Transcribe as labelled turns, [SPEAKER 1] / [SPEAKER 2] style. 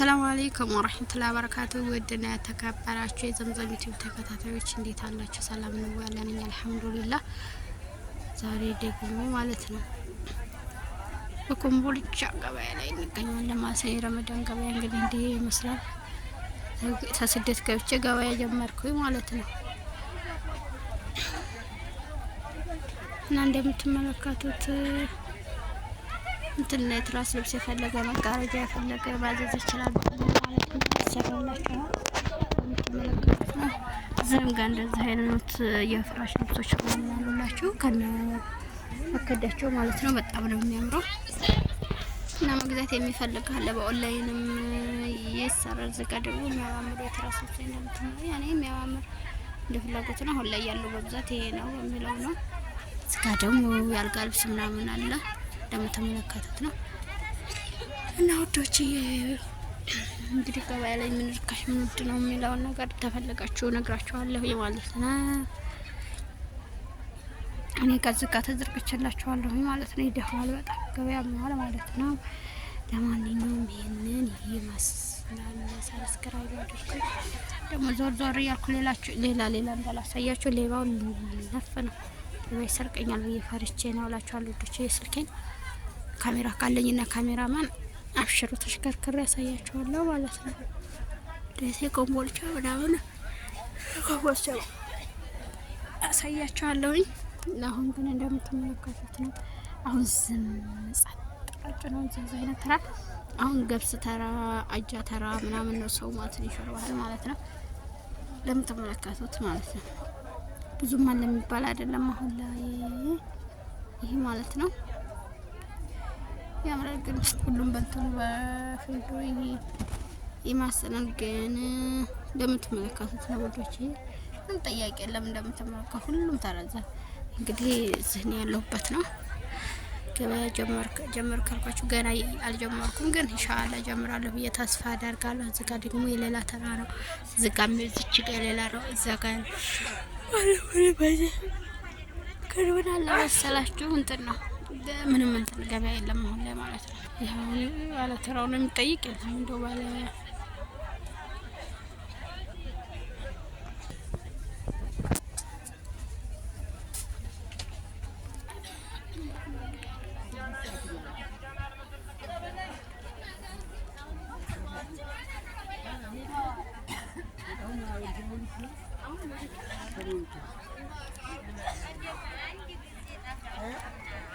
[SPEAKER 1] አሰላሙ አሌይኩም ወራህመቱላሂ ወበረካቱ ውድና ተከበራችሁ የዘምዘም ዩቲዩብ ተከታታዮች እንዴት አላችሁ? ሰላም ነው ያለን እኛ አልሐምዱሊላህ። ዛሬ ደግሞ ማለት ነው በኮምቦልቻ ገበያ ላይ እንገኛለን ማለት ነው። የረመዳን ገበያ እንግዲህ እንዲህ ይመስላል። ከስደት ገብቼ ገበያ ጀመርኩኝ ማለት ነው እና እንደምትመለከቱት እንትን የትራስ ልብስ የፈለገ መጋረጃ የፈለገ ማዘዝ ይችላል ማለት ነው። እዚህም ጋር እንደዚህ አይነት የፍራሽ ልብሶች ያሉላችሁ ከነ መከዳቸው ማለት ነው። በጣም ነው የሚያምረው እና መግዛት የሚፈልግ ካለ በኦንላይንም ይሰራል። ዝጋ ደግሞ የሚያማምሩ የትራስ ልብስ እንደምትመ ያኔ የሚያማምር እንደ ፍላጎት ነው። አሁን ላይ ያለው በብዛት ይሄ ነው የሚለው ነው። ዝጋ ደግሞ ያልጋ ልብስ ምናምን አለ እንደምትመለከቱት ነው። እና ውዶች እንግዲህ ገበያ ላይ ምን ርካሽ ምን ውድ ነው የሚለውን ነገር ተፈለጋችሁ ነግራችኋለሁ ማለት ነው። እኔ ከዚህ ጋር ተዘርግቼላችኋለሁ ማለት ነው። ይደፋል በጣም ገበያ መዋል ማለት ነው። ለማንኛውም ይህንን ይመስላል። ሰብስክራይብ አድርጉ። ደግሞ ዞር ዞር እያልኩ ሌላ ሌላ እንዳላሳያችሁ ሌባው ነፍ ነው። ይሰርቀኛል ብዬ ፈርቼ ነው እላችኋለሁ። ልጆች የስልኬን ካሜራ ካለኝና ካሜራማን አብሽሩ ተሽከርክሬ ያሳያችኋለሁ ማለት ነው። ደሴ ኮምቦልቻ ምናምን ኮምቦልቻ አሳያችኋለሁኝ። አሁን ግን እንደምትመለከቱት ነው። አሁን ዝም ጸጥ ነው ዝም እዚህ አይነት ተራ አሁን ገብስ ተራ፣ አጃ ተራ ምናምን ነው ሰው ማለት ነው። ይሾርባል ማለት ነው፣ እንደምትመለከቱት ማለት ነው። ብዙም አለ የሚባል አይደለም አሁን ላይ ይሄ ማለት ነው። ያምራል ግን ሁሉም በእንትኑ በፊልዱ ይሄ ይማሰናል። ግን እንደምትመለከቱት ነው ወዶች፣ ምን ጥያቄ የለም። እንደምትመለከቱ ሁሉም ተረዘ። እንግዲህ ዝህን ነው ያለሁበት ነው። ገበያ ጀመር ካልኳችሁ ገና አልጀመርኩም፣ ግን ኢንሻአላ ጀምራለሁ ብዬ ተስፋ አደርጋለሁ። እዚህ ጋር ደግሞ የሌላ ተራ ነው። እዚህ ጋር የሌላ ነው። እዛ ጋር ክርብናል ለመሰላችሁ እንትን ነው ምንም እንትን ገበያ የለም አሁን ላይ ማለት ነው። ይኸው ባለ ተራው ነው የሚጠይቅ የለም እንደው ባለ Thank you.